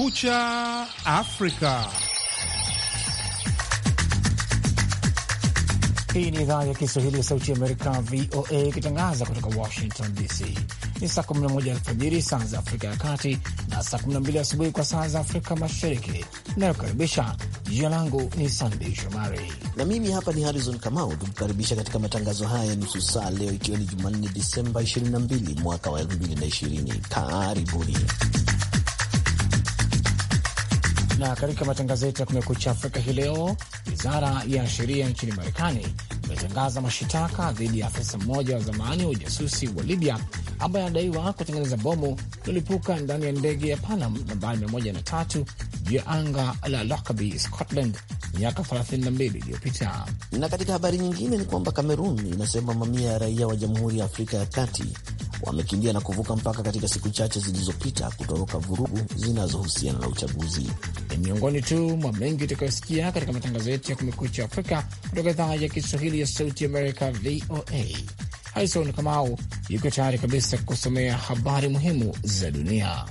Kumekucha Afrika. Hii ni idhaa ya Kiswahili ya Sauti ya Amerika, VOA, ikitangaza kutoka Washington DC. Ni saa 11 alfajiri saa za Afrika ya Kati na saa 12 asubuhi kwa saa za Afrika Mashariki. Inayokaribisha jina langu ni Sandei Shomari na mimi hapa ni Harrison Kamau, tukukaribisha katika matangazo haya ya nusu saa leo, ikiwa ni Jumanne Disemba 22 mwaka wa 2020. Karibuni. Na katika matangazo yetu ya Kumekucha Afrika hii leo, wizara ya sheria nchini Marekani imetangaza mashitaka dhidi ya afisa mmoja wa zamani wa ujasusi wa Libya ambaye anadaiwa kutengeneza bomu lilipuka ndani ya ndege ya Panam nambari 103 juu ya anga la Lockerbie, Scotland miaka 32 iliyopita. Na katika habari nyingine ni kwamba Kamerun inasema mamia ya raia wa Jamhuri ya Afrika ya Kati wamekimbia na kuvuka mpaka katika siku chache zilizopita kutoroka vurugu zinazohusiana na uchaguzi. Ni miongoni tu mwa mengi utakayosikia katika matangazo yetu ya Kumekucha Afrika kutoka idhaa ya Kiswahili ya Sauti Amerika, VOA. Harison Kamau yuko tayari kabisa kusomea habari muhimu za dunia.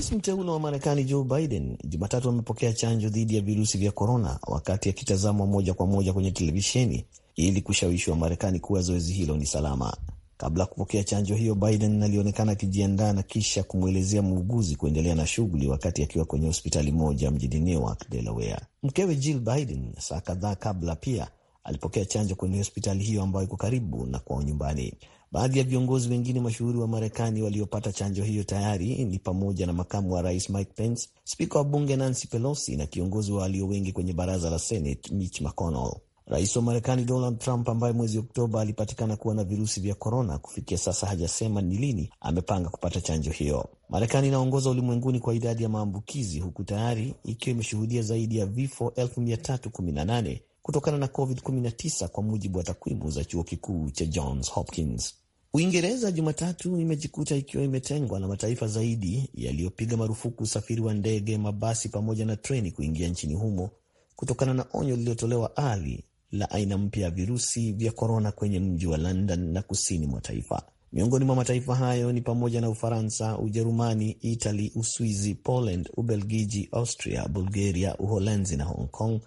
Rais mteule wa Marekani Joe Biden Jumatatu amepokea chanjo dhidi ya virusi vya korona wakati akitazamwa moja kwa moja kwenye televisheni ili kushawishi marekani kuwa zoezi hilo ni salama. Kabla ya kupokea chanjo hiyo, Biden alionekana akijiandaa na kisha kumwelezea muuguzi kuendelea na shughuli wakati akiwa kwenye hospitali moja mjini Newark, Delaware. Mkewe Jill Biden saa kadhaa kabla pia alipokea chanjo kwenye hospitali hiyo ambayo iko karibu na kwao nyumbani. Baadhi ya viongozi wengine mashuhuri wa Marekani waliopata chanjo hiyo tayari ni pamoja na makamu wa rais Mike Pence, spika wa bunge Nancy Pelosi na kiongozi wa walio wengi kwenye baraza la Senate Mitch McConnell. Rais wa Marekani Donald Trump, ambaye mwezi Oktoba alipatikana kuwa na virusi vya korona, kufikia sasa hajasema ni lini amepanga kupata chanjo hiyo. Marekani inaongoza ulimwenguni kwa idadi ya maambukizi, huku tayari ikiwa imeshuhudia zaidi ya vifo 318 kutokana na COVID-19 kwa mujibu wa takwimu za chuo kikuu cha Johns Hopkins. Uingereza Jumatatu imejikuta ikiwa imetengwa na mataifa zaidi yaliyopiga marufuku usafiri wa ndege, mabasi pamoja na treni kuingia nchini humo kutokana na onyo lililotolewa ali la aina mpya ya virusi vya korona kwenye mji wa London na kusini mwa taifa. Miongoni mwa mataifa hayo ni pamoja na Ufaransa, Ujerumani, Itali, Uswizi, Poland, Ubelgiji, Austria, Bulgaria, Uholanzi na Hong Kong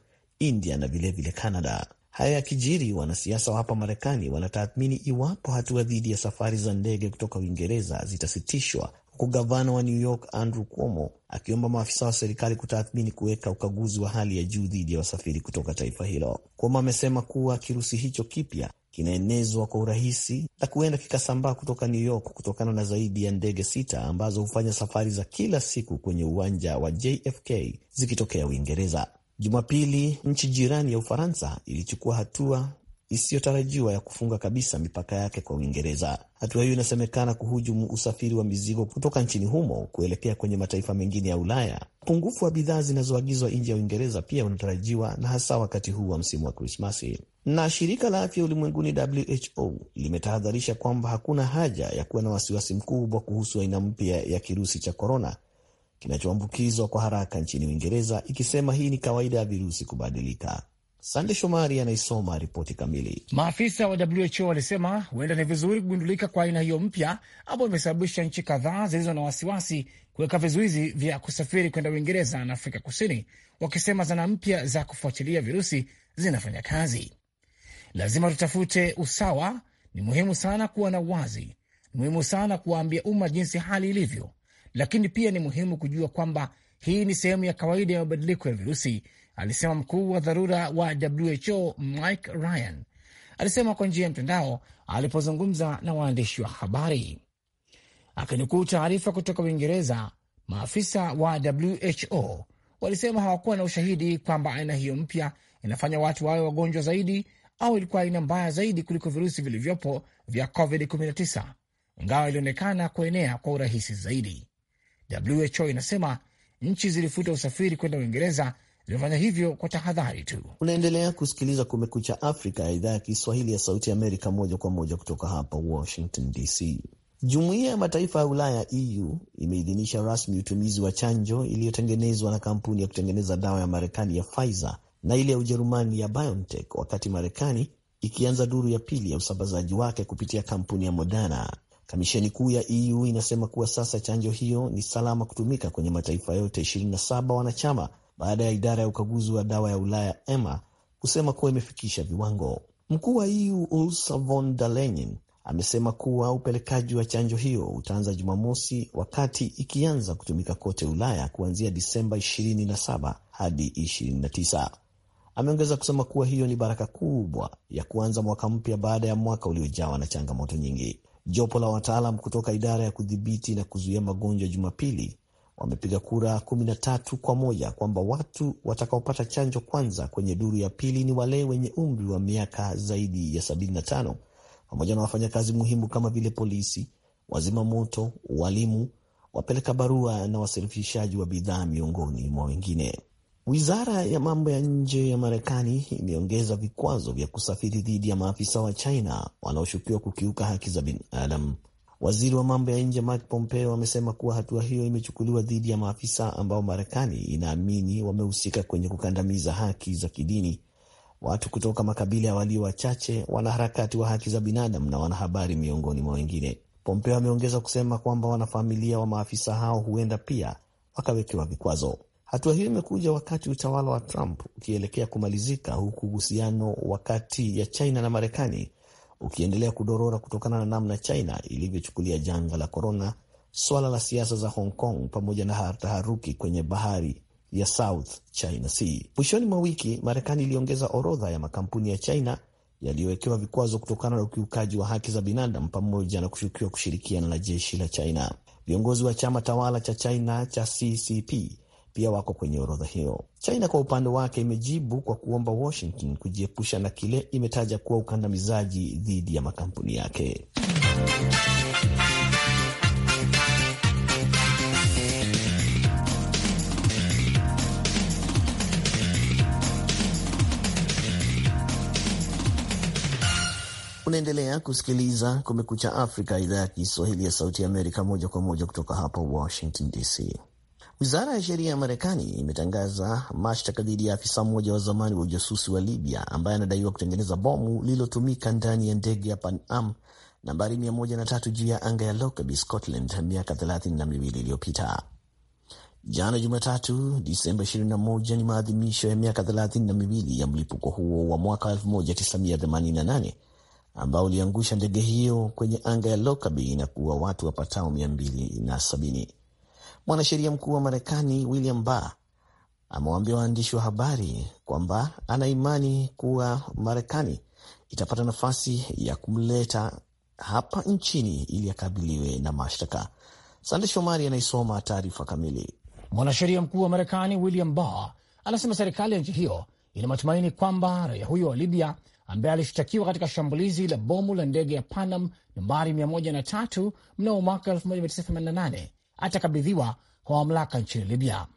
India na vilevile Canada. Haya yakijiri, wanasiasa wa hapa Marekani wanatathmini iwapo hatua dhidi ya safari za ndege kutoka Uingereza zitasitishwa, huku gavana wa New York Andrew Cuomo akiomba maafisa wa serikali kutathmini kuweka ukaguzi wa hali ya juu dhidi ya wasafiri kutoka taifa hilo. Cuomo amesema kuwa kirusi hicho kipya kinaenezwa kwa urahisi na kuenda kikasambaa kutoka New York kutokana na zaidi ya ndege sita ambazo hufanya safari za kila siku kwenye uwanja wa JFK zikitokea Uingereza. Jumapili, nchi jirani ya Ufaransa ilichukua hatua isiyotarajiwa ya kufunga kabisa mipaka yake kwa Uingereza. Hatua hiyo inasemekana kuhujumu usafiri wa mizigo kutoka nchini humo kuelekea kwenye mataifa mengine ya Ulaya. Upungufu wa bidhaa zinazoagizwa nje ya Uingereza pia unatarajiwa na hasa wakati huu wa msimu wa Krismasi. Na shirika la afya ulimwenguni WHO limetahadharisha kwamba hakuna haja ya kuwa na wasiwasi mkubwa kuhusu aina mpya ya kirusi cha korona kinachoambukizwa kwa haraka nchini Uingereza, ikisema hii ni kawaida ya virusi kubadilika. Sande Shomari anaisoma ripoti kamili. Maafisa wa WHO walisema huenda ni vizuri kugundulika kwa aina hiyo mpya ambayo imesababisha nchi kadhaa zilizo na wasiwasi kuweka vizuizi vya kusafiri kwenda Uingereza na Afrika Kusini, wakisema zana mpya za kufuatilia virusi zinafanya kazi. Lazima tutafute usawa. Ni muhimu sana kuwa na uwazi, ni muhimu sana kuwaambia umma jinsi hali ilivyo, lakini pia ni muhimu kujua kwamba hii ni sehemu ya kawaida ya mabadiliko ya virusi, alisema mkuu wa dharura wa WHO Mike Ryan. Alisema kwa njia ya mtandao alipozungumza na waandishi wa habari. Akinukuu taarifa kutoka Uingereza, maafisa wa WHO walisema hawakuwa na ushahidi kwamba aina hiyo mpya inafanya watu wawe wagonjwa zaidi au ilikuwa aina mbaya zaidi kuliko virusi vilivyopo vya COVID-19, ingawa ilionekana kuenea kwa urahisi zaidi. WHO inasema nchi zilifuta usafiri kwenda Uingereza zimefanya hivyo kwa tahadhari tu. Unaendelea kusikiliza Kumekucha Afrika ya idhaa ya Kiswahili ya Sauti Amerika, moja kwa moja kutoka hapa Washington DC. Jumuiya ya Mataifa ya Ulaya EU imeidhinisha rasmi utumizi wa chanjo iliyotengenezwa na kampuni ya kutengeneza dawa ya Marekani ya Pfizer na ile ya Ujerumani ya BioNTech, wakati Marekani ikianza duru ya pili ya usambazaji wake kupitia kampuni ya Moderna Kamisheni kuu ya EU inasema kuwa sasa chanjo hiyo ni salama kutumika kwenye mataifa yote 27 wanachama baada ya idara ya ukaguzi wa dawa ya Ulaya EMA kusema kuwa imefikisha viwango. Mkuu wa EU Ursula von der Leyen amesema kuwa upelekaji wa chanjo hiyo utaanza Jumamosi, wakati ikianza kutumika kote Ulaya kuanzia Disemba 27 hadi 29. Ameongeza kusema kuwa hiyo ni baraka kubwa ya kuanza mwaka mpya baada ya mwaka uliojawa na changamoto nyingi. Jopo la wataalam kutoka idara ya kudhibiti na kuzuia magonjwa Jumapili wamepiga kura kumi na tatu kwa moja kwamba watu watakaopata chanjo kwanza kwenye duru ya pili ni wale wenye umri wa miaka zaidi ya 75 pamoja na wafanyakazi muhimu kama vile polisi, wazima moto, walimu, wapeleka barua na wasafirishaji wa bidhaa miongoni mwa wengine. Wizara ya mambo ya nje ya Marekani imeongeza vikwazo vya kusafiri dhidi ya maafisa wa China wanaoshukiwa kukiuka haki za binadamu. Waziri wa mambo ya nje Mike Pompeo amesema kuwa hatua hiyo imechukuliwa dhidi ya maafisa ambao Marekani inaamini wamehusika kwenye kukandamiza haki za kidini, watu kutoka makabila ya walio wachache, wanaharakati wa haki za binadamu na wanahabari, miongoni mwa wengine. Pompeo ameongeza kusema kwamba wanafamilia wa maafisa hao huenda pia wakawekewa vikwazo. Hatua hiyo imekuja wakati utawala wa Trump ukielekea kumalizika, huku uhusiano wa kati ya China na Marekani ukiendelea kudorora kutokana na namna China ilivyochukulia janga la korona, swala la siasa za Hong Kong pamoja na taharuki kwenye bahari ya South China Sea. Mwishoni mwa wiki, Marekani iliongeza orodha ya makampuni ya China yaliyowekewa vikwazo kutokana na ukiukaji wa haki za binadamu pamoja na kushukiwa kushirikiana na jeshi la China. Viongozi wa chama tawala cha China cha CCP pia wako kwenye orodha hiyo. China kwa upande wake imejibu kwa kuomba Washington kujiepusha na kile imetaja kuwa ukandamizaji dhidi ya makampuni yake. Unaendelea kusikiliza Kumekucha Afrika, idhaa ya Kiswahili ya Sauti ya Amerika, moja kwa moja kutoka hapa Washington DC. Wizara ya sheria ya Marekani imetangaza mashtaka dhidi ya afisa mmoja wa zamani wa ujasusi wa Libya ambaye anadaiwa kutengeneza bomu lililotumika ndani ya ndege ya Pan Am nambari 103 juu ya anga ya Lockerbie, Scotland, miaka 32 iliyopita. Jana Jumatatu, Disemba 21 ni maadhimisho ya miaka 32 ya mlipuko huo wa mwaka 1988 ambao uliangusha ndege hiyo kwenye anga ya Lockerbie na kuua watu wapatao 270. Mwanasheria mkuu wa Marekani William Barr amewaambia waandishi wa habari kwamba ana imani kuwa Marekani itapata nafasi ya kumleta hapa nchini ili akabiliwe na mashtaka. Sande Shomari anaisoma taarifa kamili. Mwanasheria mkuu wa Marekani William Barr anasema serikali ya nchi hiyo ina matumaini kwamba raia huyo wa Libya ambaye alishtakiwa katika shambulizi la bomu la ndege ya Panam nambari 103 mnamo mwaka atakabidhiwa kwa mamlaka nchini Libya.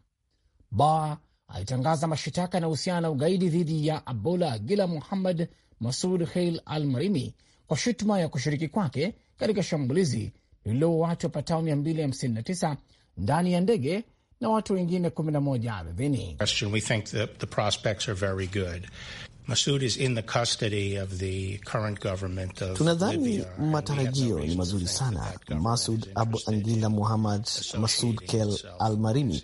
ba alitangaza mashitaka yanahusiana na ugaidi dhidi ya Abdullah Gila Muhammad Masud Kheil Al Marimi kwa shutuma ya kushiriki kwake katika shambulizi lililoua watu wapatao 259 ndani ya ndege na watu wengine 11 ardhini. Tunadhani matarajio ni mazuri sana. Masud Abu Angila Muhammad Masud Kel Al Marimi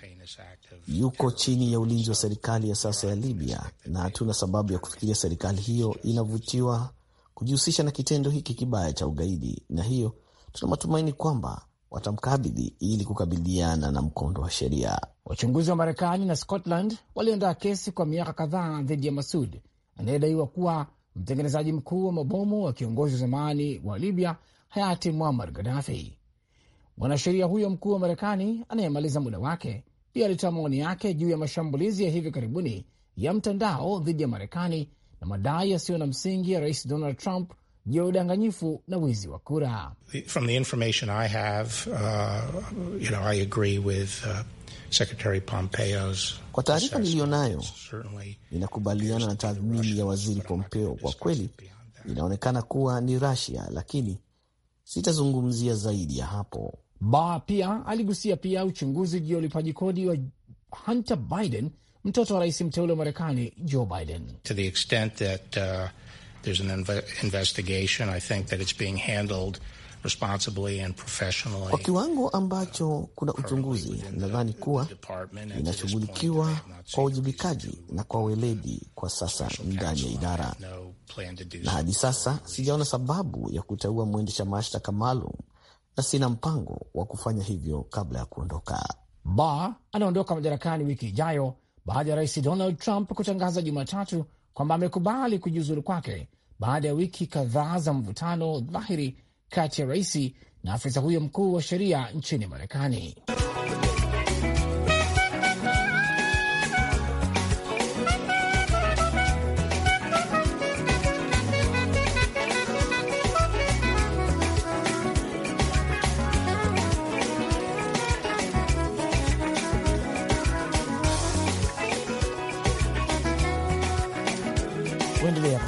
yuko chini ya ulinzi wa serikali ya sasa ya Libya, na hatuna sababu ya kufikiria serikali hiyo inavutiwa kujihusisha na kitendo hiki kibaya cha ugaidi, na hiyo tuna matumaini kwamba watamkabidhi ili kukabiliana na mkondo wa sheria. Wachunguzi wa Marekani na Scotland waliandaa kesi kwa miaka kadhaa dhidi ya Masud anayedaiwa kuwa mtengenezaji mkuu wa mabomu wa kiongozi wa zamani wa Libya hayati Muammar Gaddafi. Mwanasheria huyo mkuu wa Marekani anayemaliza muda wake pia alitoa maoni yake juu ya mashambulizi ya hivi karibuni ya mtandao dhidi ya Marekani na madai yasiyo na msingi ya Rais Donald Trump juu ya udanganyifu na wizi wa kura. From the information I have, uh, you know, I agree with, uh... Secretary Pompeo's. Kwa taarifa niliyo nayo, ninakubaliana na tathmini ya waziri Pompeo. Kwa kweli inaonekana kuwa ni rusia lakini sitazungumzia zaidi ya hapo. Ba pia aligusia pia uchunguzi juu ya ulipaji kodi wa Hunter Biden, mtoto wa rais mteule wa Marekani Joe Biden. To the extent that, uh, there's an investigation, I think that it's being handled responsibly and professionally. Kwa kiwango ambacho uh, kuna uchunguzi, nadhani kuwa inashughulikiwa kwa ujibikaji na kwa weledi kwa sasa ndani ya idara, na hadi sasa sijaona sababu ya kuteua mwendesha mashtaka maalum na sina mpango wa kufanya hivyo kabla ya kuondoka. Ba anaondoka madarakani wiki ijayo baada ya rais Donald Trump kutangaza Jumatatu kwamba amekubali kujiuzulu kwake baada ya wiki kadhaa za mvutano dhahiri kati ya rais na afisa huyo mkuu wa sheria nchini Marekani.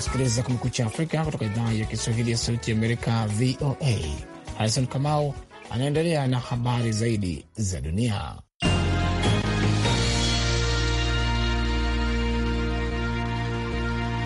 kusikiliza Kumekucha Afrika kutoka idhaa ya Kiswahili ya Sauti Amerika, VOA. Harison Kamau anaendelea na habari zaidi za dunia.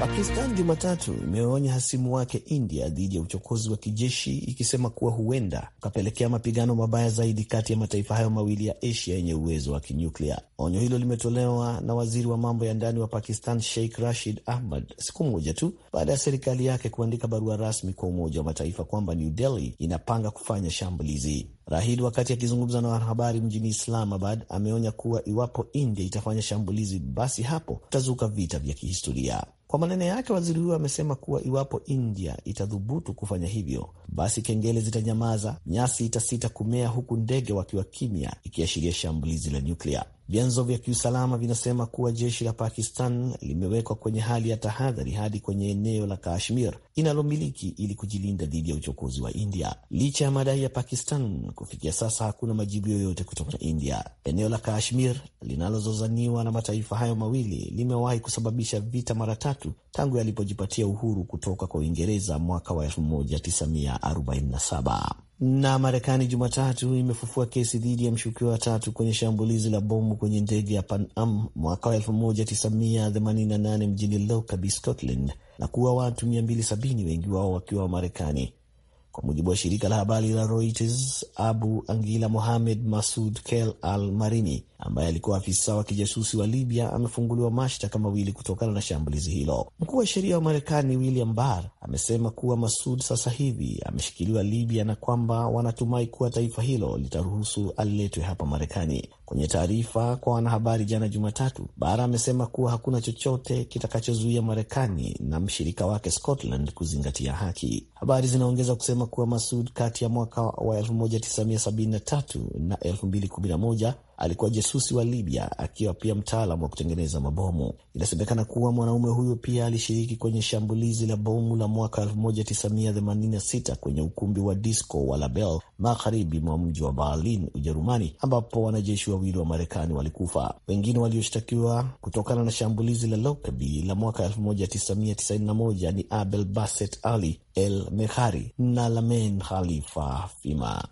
Pakistan Jumatatu imeonya hasimu wake India dhidi ya uchokozi wa kijeshi ikisema kuwa huenda ukapelekea mapigano mabaya zaidi kati ya mataifa hayo mawili ya Asia yenye uwezo wa kinyuklia. Onyo hilo limetolewa na waziri wa mambo ya ndani wa Pakistan Sheikh Rashid Ahmad siku moja tu baada ya serikali yake kuandika barua rasmi kwa Umoja wa Mataifa kwamba New Delhi inapanga kufanya shambulizi. Rahid wakati akizungumza na wanahabari mjini Islamabad ameonya kuwa iwapo India itafanya shambulizi, basi hapo kutazuka vita vya kihistoria. Kwa maneno yake, waziri huyo amesema kuwa iwapo India itathubutu kufanya hivyo, basi kengele zitanyamaza, nyasi itasita kumea, huku ndege wakiwa kimya, ikiashiria shambulizi la nyuklia. Vyanzo vya kiusalama vinasema kuwa jeshi la Pakistan limewekwa kwenye hali ya tahadhari hadi kwenye eneo la Kashmir inalomiliki ili kujilinda dhidi ya uchokozi wa India. Licha ya madai ya Pakistan, kufikia sasa hakuna majibu yoyote kutoka India. Eneo la Kashmir linalozozaniwa na mataifa hayo mawili limewahi kusababisha vita mara tatu tangu yalipojipatia uhuru kutoka kwa Uingereza mwaka wa 1947. Na Marekani Jumatatu imefufua kesi dhidi ya mshukiwa watatu kwenye shambulizi la bomu kwenye ndege ya Pan Am mwaka wa 1988 mjini lokaby Scotland na kuwa watu 270 wengi wao wakiwa wa Marekani. Kwa mujibu wa shirika la habari la Reuters, Abu Angila Mohamed Masud Kel Al Marini ambaye alikuwa afisa wa kijasusi wa Libya amefunguliwa mashtaka mawili kutokana na shambulizi hilo. Mkuu wa sheria wa Marekani William Barr amesema kuwa Masud sasa hivi ameshikiliwa Libya na kwamba wanatumai kuwa taifa hilo litaruhusu aliletwe hapa Marekani. Kwenye taarifa kwa wanahabari jana Jumatatu, Barr amesema kuwa hakuna chochote kitakachozuia Marekani na mshirika wake Scotland kuzingatia haki. Habari zinaongeza kusema kuwa Masud kati ya mwaka wa 1973 na 2011 alikuwa jasusi wa Libya akiwa pia mtaalam wa kutengeneza mabomu. Inasemekana kuwa mwanaume huyo pia alishiriki kwenye shambulizi la bomu la mwaka 1986 kwenye ukumbi wa disco wa Label magharibi mwa mji wa Berlin, Ujerumani, ambapo wanajeshi wawili wa Marekani walikufa. Wengine walioshtakiwa kutokana na shambulizi la lokeby la mwaka 1991 ni Abel Basset Ali El Mehari na Lamen Khalifa Fima.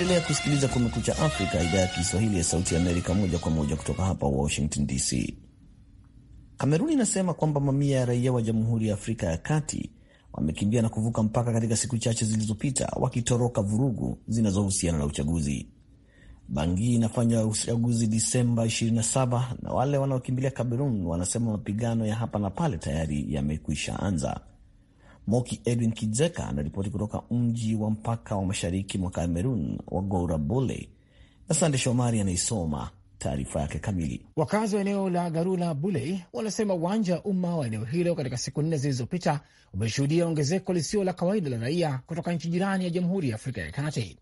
Unaendelea kusikiliza Kumekucha Afrika, idhaa ya Kiswahili ya Sauti Amerika, moja kwa moja kutoka hapa Washington DC. Kameruni inasema kwamba mamia ya raia wa Jamhuri ya Afrika ya Kati wamekimbia na kuvuka mpaka katika siku chache zilizopita, wakitoroka vurugu zinazohusiana na uchaguzi. Bangi inafanya uchaguzi Disemba 27 na wale wanaokimbilia Kamerun wanasema mapigano ya hapa na pale tayari yamekwisha anza. Moki Edwin Kizeka anaripoti kutoka mji wa mpaka wa mashariki mwa cameron wa Gourabule, na Sande Shomari anaisoma taarifa yake kamili. Wakazi wa eneo la Garula buley wanasema uwanja wa umma wa eneo hilo katika siku nne zilizopita umeshuhudia ongezeko lisio la kawaida la raia kutoka nchi jirani ya Jamhuri ya Afrika ya Kati.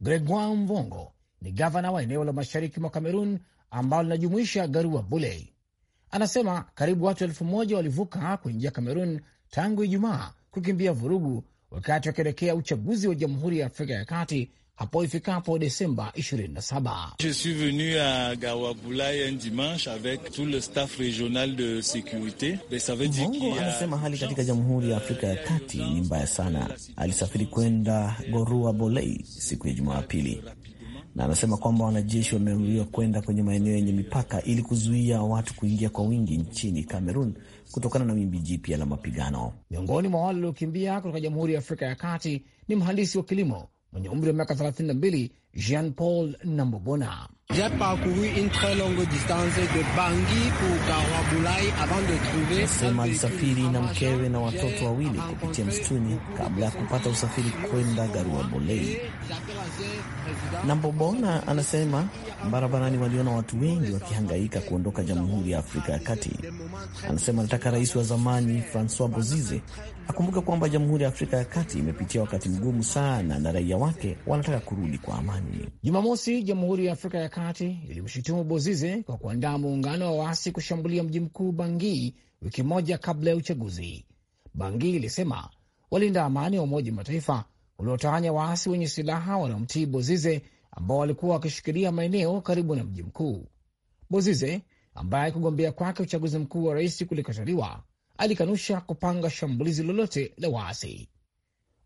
Gregoire Mvongo ni gavana wa eneo la mashariki mwa Kamerun ambalo linajumuisha Garua buley Anasema karibu watu elfu moja walivuka kuingia Kamerun tangu Ijumaa kukimbia vurugu wakati wakielekea uchaguzi wa Jamhuri ya Afrika ya Kati hapo ifikapo Desemba 27. Je suis venu a Gawabulai un dimanche avec tout le staff de securite. Mongo anasema hali katika Jamhuri ya Afrika ya Kati ni mbaya sana. Alisafiri kwenda Gorua Bolei siku ya Jumapili na anasema kwamba wanajeshi wameamriwa kwenda kwenye maeneo yenye mipaka ili kuzuia watu kuingia kwa wingi nchini Kamerun kutokana na wimbi jipya la mapigano. Miongoni mwa wale waliokimbia kutoka Jamhuri ya Afrika ya Kati ni mhandisi wa kilimo mwenye umri wa miaka 32 Jean Paul Nambobona. J'ai parcouru une très longue distance de Bangui Kawabulai avant de trouver. Nasema alisafiri na mkewe na watoto wawili kupitia msituni kabla ya kupata usafiri kwenda Bolei. Nambobona anasema barabarani waliona watu wengi wakihangaika kuondoka Jamhuri ya Afrika ya Kati. Anasema anataka rais wa zamani Francois Bozize akumbuke kwamba Jamhuri ya Afrika ya Kati imepitia wakati mgumu sana na raia wake wanataka kurudi kwa amani. Jumamosi, Jamhuri ya Afrika ya Kati ilimshutumu Bozize kwa kuandaa muungano wa waasi kushambulia mji mkuu Bangui wiki moja kabla ya uchaguzi. Bangui ilisema walinda amani wa Umoja Mataifa uliotawanya waasi wenye silaha wanaomtii Bozize ambao walikuwa wakishikilia maeneo karibu na mji mkuu. Bozize ambaye kugombea kwake uchaguzi mkuu wa rais kulikataliwa alikanusha kupanga shambulizi lolote la waasi.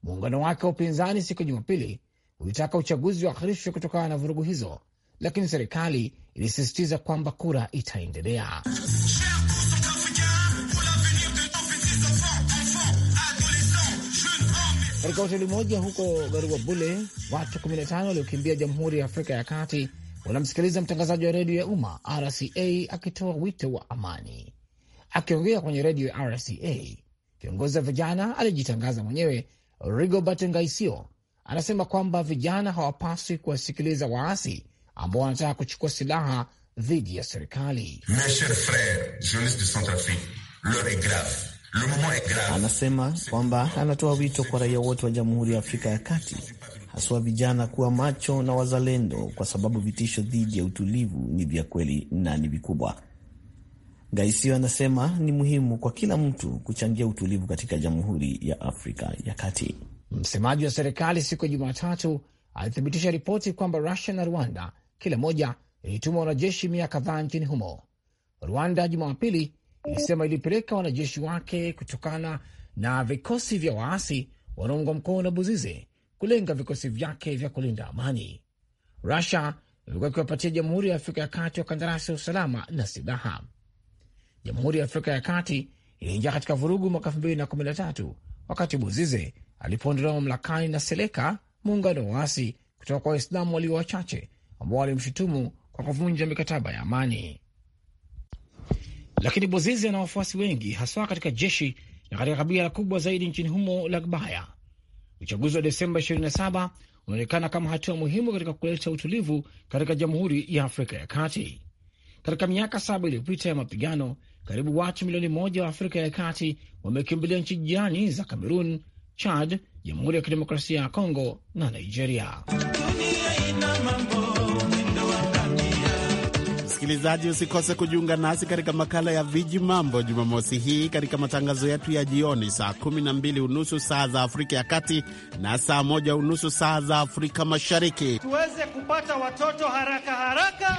Muungano wake wa upinzani siku ya Jumapili ulitaka uchaguzi uahirishwe kutokana na vurugu hizo, lakini serikali ilisisitiza kwamba kura itaendelea. Katika hoteli moja huko Garua Bule, watu 15 waliokimbia Jamhuri ya Afrika ya Kati wanamsikiliza mtangazaji wa redio ya umma RCA akitoa wito wa amani. Akiongea kwenye redio ya RCA, kiongozi wa vijana aliyejitangaza mwenyewe Rigobert Ngaisio anasema kwamba vijana hawapaswi kuwasikiliza waasi ambao wanataka kuchukua silaha dhidi ya serikali. Anasema kwamba anatoa wito kwa raia wote wa Jamhuri ya Afrika ya Kati, haswa vijana, kuwa macho na wazalendo, kwa sababu vitisho dhidi ya utulivu ni vya kweli na ni vikubwa. Gaisio anasema ni muhimu kwa kila mtu kuchangia utulivu katika Jamhuri ya Afrika ya Kati. Msemaji wa serikali siku ya Jumatatu alithibitisha ripoti kwamba Rusia na Rwanda kila moja ilituma wanajeshi mia kadhaa nchini humo. Rwanda Jumapili ilisema ilipeleka wanajeshi wake kutokana na vikosi vya waasi wanaungwa mkono na Buzize kulenga vikosi vyake vya kulinda amani. Rusia imekuwa ikiwapatia Jamhuri ya Afrika ya Kati wa kandarasi wa usalama na silaha. Jamhuri ya Afrika ya Kati iliingia katika vurugu mwaka tatu wakati Bozize alipoondolewa mamlakani na Seleka, muungano wa waasi kutoka kwa Waislamu walio wachache ambao walimshutumu kwa kuvunja mikataba ya amani. Lakini Bozize ana wafuasi wengi haswa katika jeshi na katika kabila kubwa zaidi nchini humo la Gbaya. Uchaguzi wa Desemba 27 unaonekana kama hatua muhimu katika kuleta utulivu katika Jamhuri ya Afrika ya Kati. Katika miaka saba iliyopita ya mapigano karibu watu milioni moja wa Afrika ya Kati wamekimbilia nchi jirani za Kamerun, Chad, Jamhuri ya Kidemokrasia ya Kongo na Nigeria. Msikilizaji, usikose kujiunga nasi katika makala ya Viji Mambo Jumamosi hii katika matangazo yetu ya jioni saa kumi na mbili unusu saa za Afrika ya Kati na saa moja unusu saa za Afrika Mashariki, tuweze kupata watoto haraka haraka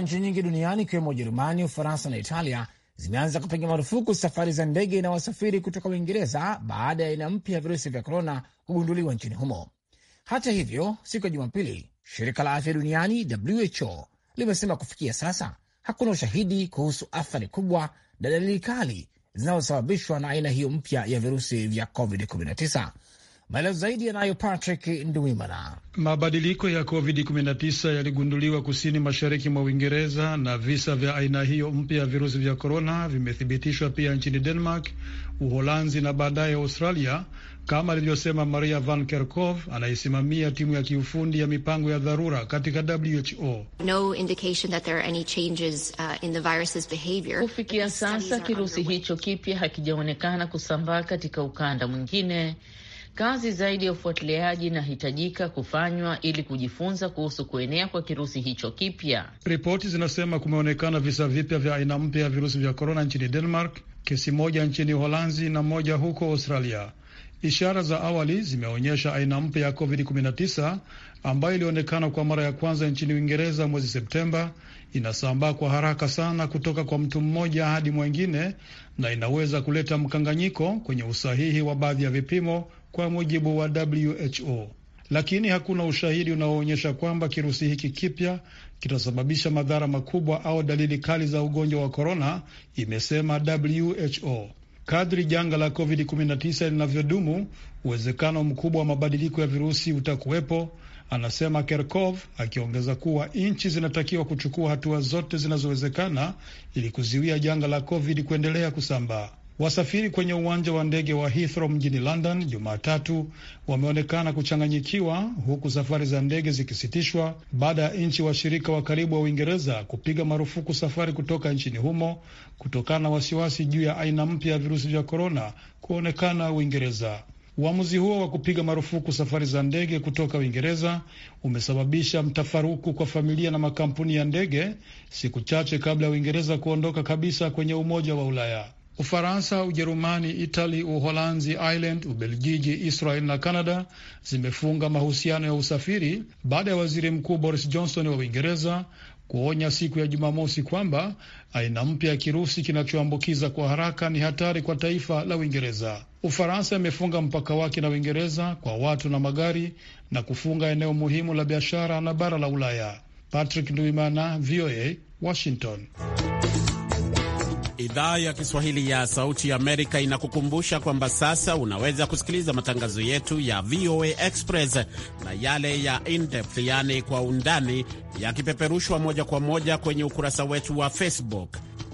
nchi nyingi duniani ikiwemo Ujerumani, Ufaransa na Italia zimeanza kupiga marufuku safari za ndege na wasafiri kutoka Uingereza baada ya aina mpya ya virusi vya korona kugunduliwa nchini humo. Hata hivyo, siku ya Jumapili, shirika la afya duniani WHO limesema kufikia sasa hakuna ushahidi kuhusu athari kubwa na dalili kali zinazosababishwa na aina hiyo mpya ya virusi vya COVID-19 Maelezo zaidi yanayo Patrick Nduwimana. Mabadiliko ya COVID-19 yaligunduliwa kusini mashariki mwa Uingereza na visa vya aina hiyo mpya ya virusi vya korona vimethibitishwa pia nchini Denmark, Uholanzi na baadaye Australia, kama alivyosema Maria Van Kerkhove anayesimamia timu ya kiufundi ya mipango ya dharura katika WHO. No indication that there are any changes uh, in the virus's behavior. Kufikia sasa kirusi hicho kipya hakijaonekana kusambaa katika ukanda mwingine Kazi zaidi ya ufuatiliaji inahitajika kufanywa ili kujifunza kuhusu kuenea kwa kirusi hicho kipya. Ripoti zinasema kumeonekana visa vipya vya aina mpya ya virusi vya korona nchini Denmark, kesi moja nchini Uholanzi na moja huko Australia. Ishara za awali zimeonyesha aina mpya ya COVID-19 ambayo ilionekana kwa mara ya kwanza nchini Uingereza mwezi Septemba, inasambaa kwa haraka sana kutoka kwa mtu mmoja hadi mwengine na inaweza kuleta mkanganyiko kwenye usahihi wa baadhi ya vipimo kwa mujibu wa WHO, lakini hakuna ushahidi unaoonyesha kwamba kirusi hiki kipya kitasababisha madhara makubwa au dalili kali za ugonjwa wa korona, imesema WHO. Kadri janga la COVID-19 linavyodumu, uwezekano mkubwa wa mabadiliko ya virusi utakuwepo, anasema Kerkov, akiongeza kuwa nchi zinatakiwa kuchukua hatua zote zinazowezekana ili kuziwia janga la COVID kuendelea kusambaa. Wasafiri kwenye uwanja wa ndege wa Heathrow mjini London Jumatatu wameonekana kuchanganyikiwa huku safari za ndege zikisitishwa baada ya nchi washirika wa karibu wa Uingereza kupiga marufuku safari kutoka nchini humo kutokana na wasiwasi juu ya aina mpya ya virusi vya korona kuonekana Uingereza. Uamuzi huo wa kupiga marufuku safari za ndege kutoka Uingereza umesababisha mtafaruku kwa familia na makampuni ya ndege siku chache kabla ya Uingereza kuondoka kabisa kwenye Umoja wa Ulaya. Ufaransa, Ujerumani, Itali, Uholanzi, Ireland, Ubelgiji, Israel na Canada zimefunga mahusiano ya usafiri baada ya waziri mkuu Boris Johnson wa Uingereza kuonya siku ya Jumamosi kwamba aina mpya ya kirusi kinachoambukiza kwa haraka ni hatari kwa taifa la Uingereza. Ufaransa imefunga mpaka wake na Uingereza kwa watu na magari na kufunga eneo muhimu la biashara na bara la Ulaya. Patrick Nduimana, VOA, Washington. Idhaa ya Kiswahili ya Sauti ya Amerika inakukumbusha kwamba sasa unaweza kusikiliza matangazo yetu ya VOA Express na yale ya in-depth, yaani kwa undani, yakipeperushwa moja kwa moja kwenye ukurasa wetu wa Facebook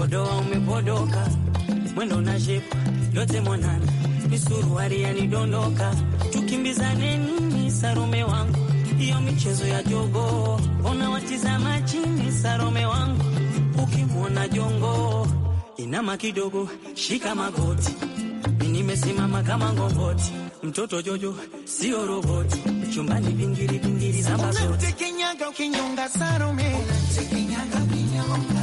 Umepodoa, umepodoka, mwendo na shepu yote mwanana, misuruari yanidondoka, tukimbizane nini sarume wangu, hiyo michezo ya jogo, ona watizama chini sarume wangu, ukimwona jongo inama kidogo, shika magoti, nimesimama kama ngongoti, mtoto jojo sio roboti, chumbani bingiri bingiri, za zote, unatekenyaga ukinyonga sarume, unatekenyaga ukinyonga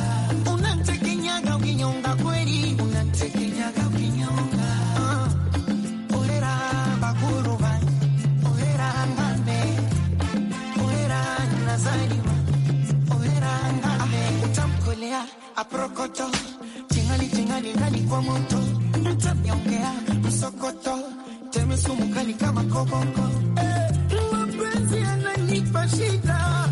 Aprokoto kama kobongo eh, mapenzi yananipa shida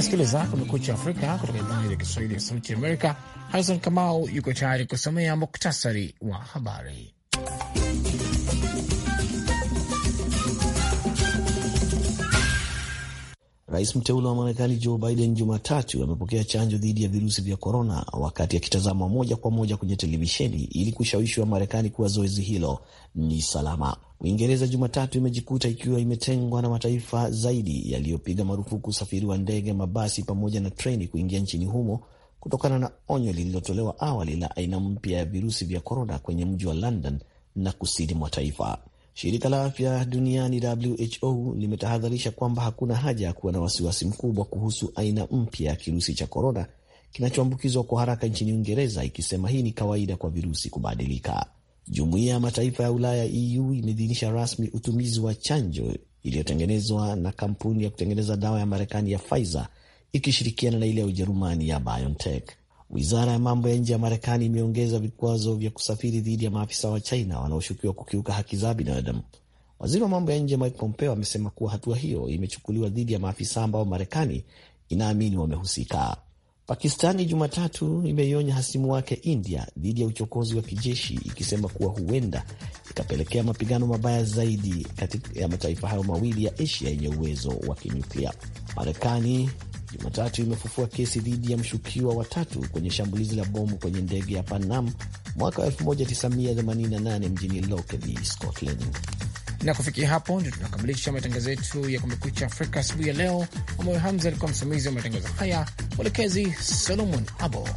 Unasikiliza Kumekucha Afrika kutoka idhaa ya Kiswahili ya Sauti Amerika. Harison Kamau yuko tayari kusomea muktasari wa habari. Rais mteule wa Marekani Joe Biden Jumatatu amepokea chanjo dhidi ya virusi vya korona wakati akitazama moja kwa moja kwenye televisheni ili kushawishi marekani kuwa zoezi hilo ni salama. Uingereza Jumatatu imejikuta ikiwa imetengwa na mataifa zaidi yaliyopiga marufuku usafiri wa ndege, mabasi pamoja na treni kuingia nchini humo kutokana na onyo lililotolewa awali la aina mpya ya virusi vya korona kwenye mji wa London na kusini mwa taifa. Shirika la afya duniani WHO limetahadharisha kwamba hakuna haja ya kuwa na wasiwasi mkubwa kuhusu aina mpya ya kirusi cha korona kinachoambukizwa kwa haraka nchini Uingereza, ikisema hii ni kawaida kwa virusi kubadilika. Jumuiya ya Mataifa ya Ulaya EU imeidhinisha rasmi utumizi wa chanjo iliyotengenezwa na kampuni ya kutengeneza dawa ya Marekani ya Pfizer ikishirikiana na ile ya Ujerumani ya BioNTech. Wizara ya mambo ya nje ya Marekani imeongeza vikwazo vya kusafiri dhidi ya maafisa wa China wanaoshukiwa kukiuka haki za binadamu. Waziri wa mambo ya nje Mike Pompeo amesema kuwa hatua hiyo imechukuliwa dhidi ya maafisa ambao Marekani inaamini wamehusika. Pakistani Jumatatu imeionya hasimu wake India dhidi ya uchokozi wa kijeshi ikisema kuwa huenda ikapelekea mapigano mabaya zaidi kati ya mataifa hayo mawili ya Asia yenye uwezo wa kinyuklia. Marekani Jumatatu imefufua kesi dhidi ya mshukiwa watatu kwenye shambulizi la bomu kwenye ndege ya panam mwaka 1988 mjini Lockerbie, Scotland. Na kufikia hapo ndio tunakamilisha matangazo yetu ya Kumekucha Afrika asubuhi ya leo. Ambayo Hamza alikuwa msimamizi wa matangazo haya, mwelekezi Solomon Abo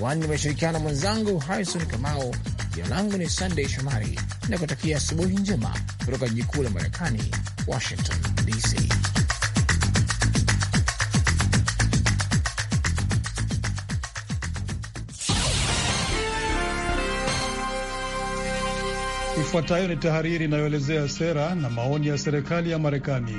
wani, nimeshirikiana mwenzangu Harrison Kamao. Jina langu ni Sandey Shomari na kutakia asubuhi njema kutoka jiji kuu la Marekani, Washington DC. Ifuatayo ni tahariri inayoelezea sera na maoni ya serikali ya Marekani.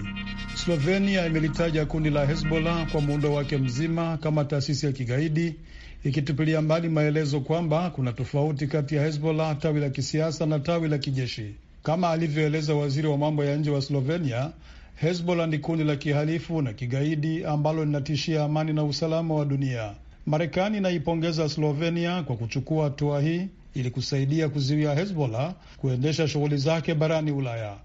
Slovenia imelitaja kundi la Hezbollah kwa muundo wake mzima kama taasisi ya kigaidi, ikitupilia mbali maelezo kwamba kuna tofauti kati ya Hezbollah, tawi la kisiasa na tawi la kijeshi. Kama alivyoeleza waziri wa mambo ya nje wa Slovenia, Hezbollah ni kundi la kihalifu na kigaidi ambalo linatishia amani na usalama wa dunia. Marekani inaipongeza Slovenia kwa kuchukua hatua hii ili kusaidia kuzuia Hezbollah kuendesha shughuli zake barani Ulaya.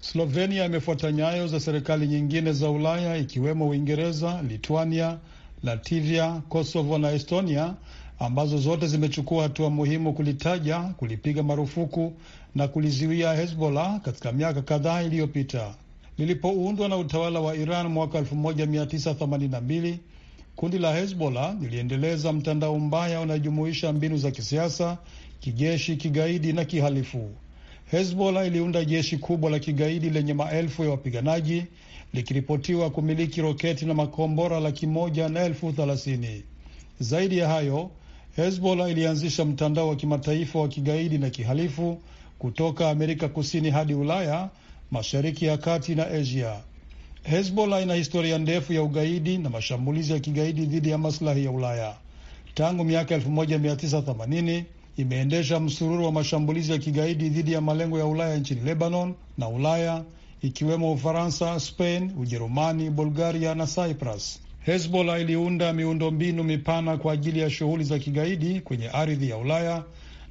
Slovenia imefuata nyayo za serikali nyingine za Ulaya ikiwemo Uingereza, Lituania, Latvia, Kosovo na Estonia ambazo zote zimechukua hatua muhimu kulitaja, kulipiga marufuku na kulizuia Hezbollah katika miaka kadhaa iliyopita. Lilipoundwa na utawala wa Iran mwaka 1982 kundi la Hezbollah liliendeleza mtandao mbaya unaojumuisha mbinu za kisiasa, kijeshi, kigaidi na kihalifu. Hezbollah iliunda jeshi kubwa la kigaidi lenye maelfu ya wapiganaji likiripotiwa kumiliki roketi na makombora laki moja na elfu thelathini. Zaidi ya hayo, Hezbollah ilianzisha mtandao wa kimataifa wa kigaidi na kihalifu kutoka Amerika Kusini hadi Ulaya, Mashariki ya Kati na Asia. Hezbollah ina historia ndefu ya ugaidi na mashambulizi ya kigaidi dhidi ya maslahi ya Ulaya tangu miaka 1980 imeendesha msururu wa mashambulizi ya kigaidi dhidi ya malengo ya Ulaya nchini Lebanon na Ulaya ikiwemo Ufaransa, Spain, Ujerumani, Bulgaria na Cyprus. Hezbollah iliunda miundombinu mipana kwa ajili ya shughuli za kigaidi kwenye ardhi ya Ulaya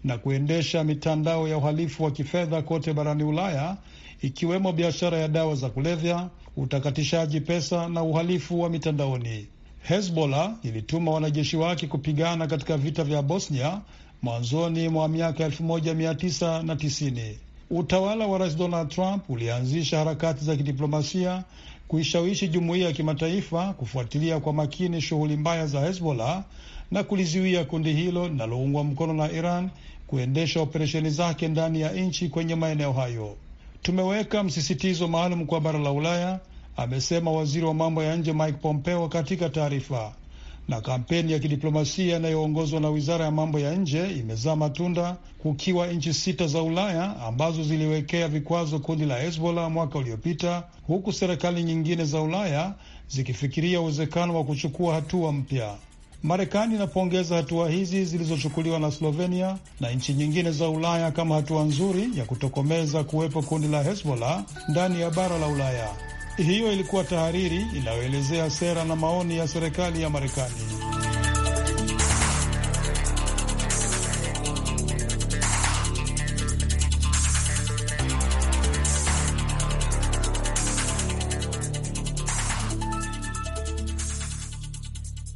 na kuendesha mitandao ya uhalifu wa kifedha kote barani Ulaya, ikiwemo biashara ya dawa za kulevya, utakatishaji pesa na uhalifu wa mitandaoni. Hezbollah ilituma wanajeshi wake kupigana katika vita vya Bosnia mwanzoni mwa miaka tisini. Utawala wa rais Donald Trump ulianzisha harakati za kidiplomasia kuishawishi jumuiya ya kimataifa kufuatilia kwa makini shughuli mbaya za Hezbollah na kulizuia kundi hilo linaloungwa mkono na Iran kuendesha operesheni zake ndani ya nchi kwenye maeneo hayo. Tumeweka msisitizo maalum kwa bara la Ulaya, amesema waziri wa mambo ya nje Mike Pompeo katika taarifa na kampeni ya kidiplomasia inayoongozwa na wizara ya mambo ya nje imezaa matunda, kukiwa nchi sita za Ulaya ambazo ziliwekea vikwazo kundi la Hezbollah mwaka uliopita, huku serikali nyingine za Ulaya zikifikiria uwezekano wa kuchukua hatua mpya. Marekani inapongeza hatua hizi zilizochukuliwa na Slovenia na nchi nyingine za Ulaya kama hatua nzuri ya kutokomeza kuwepo kundi la Hezbollah ndani ya bara la Ulaya. Hiyo ilikuwa tahariri inayoelezea sera na maoni ya serikali ya Marekani.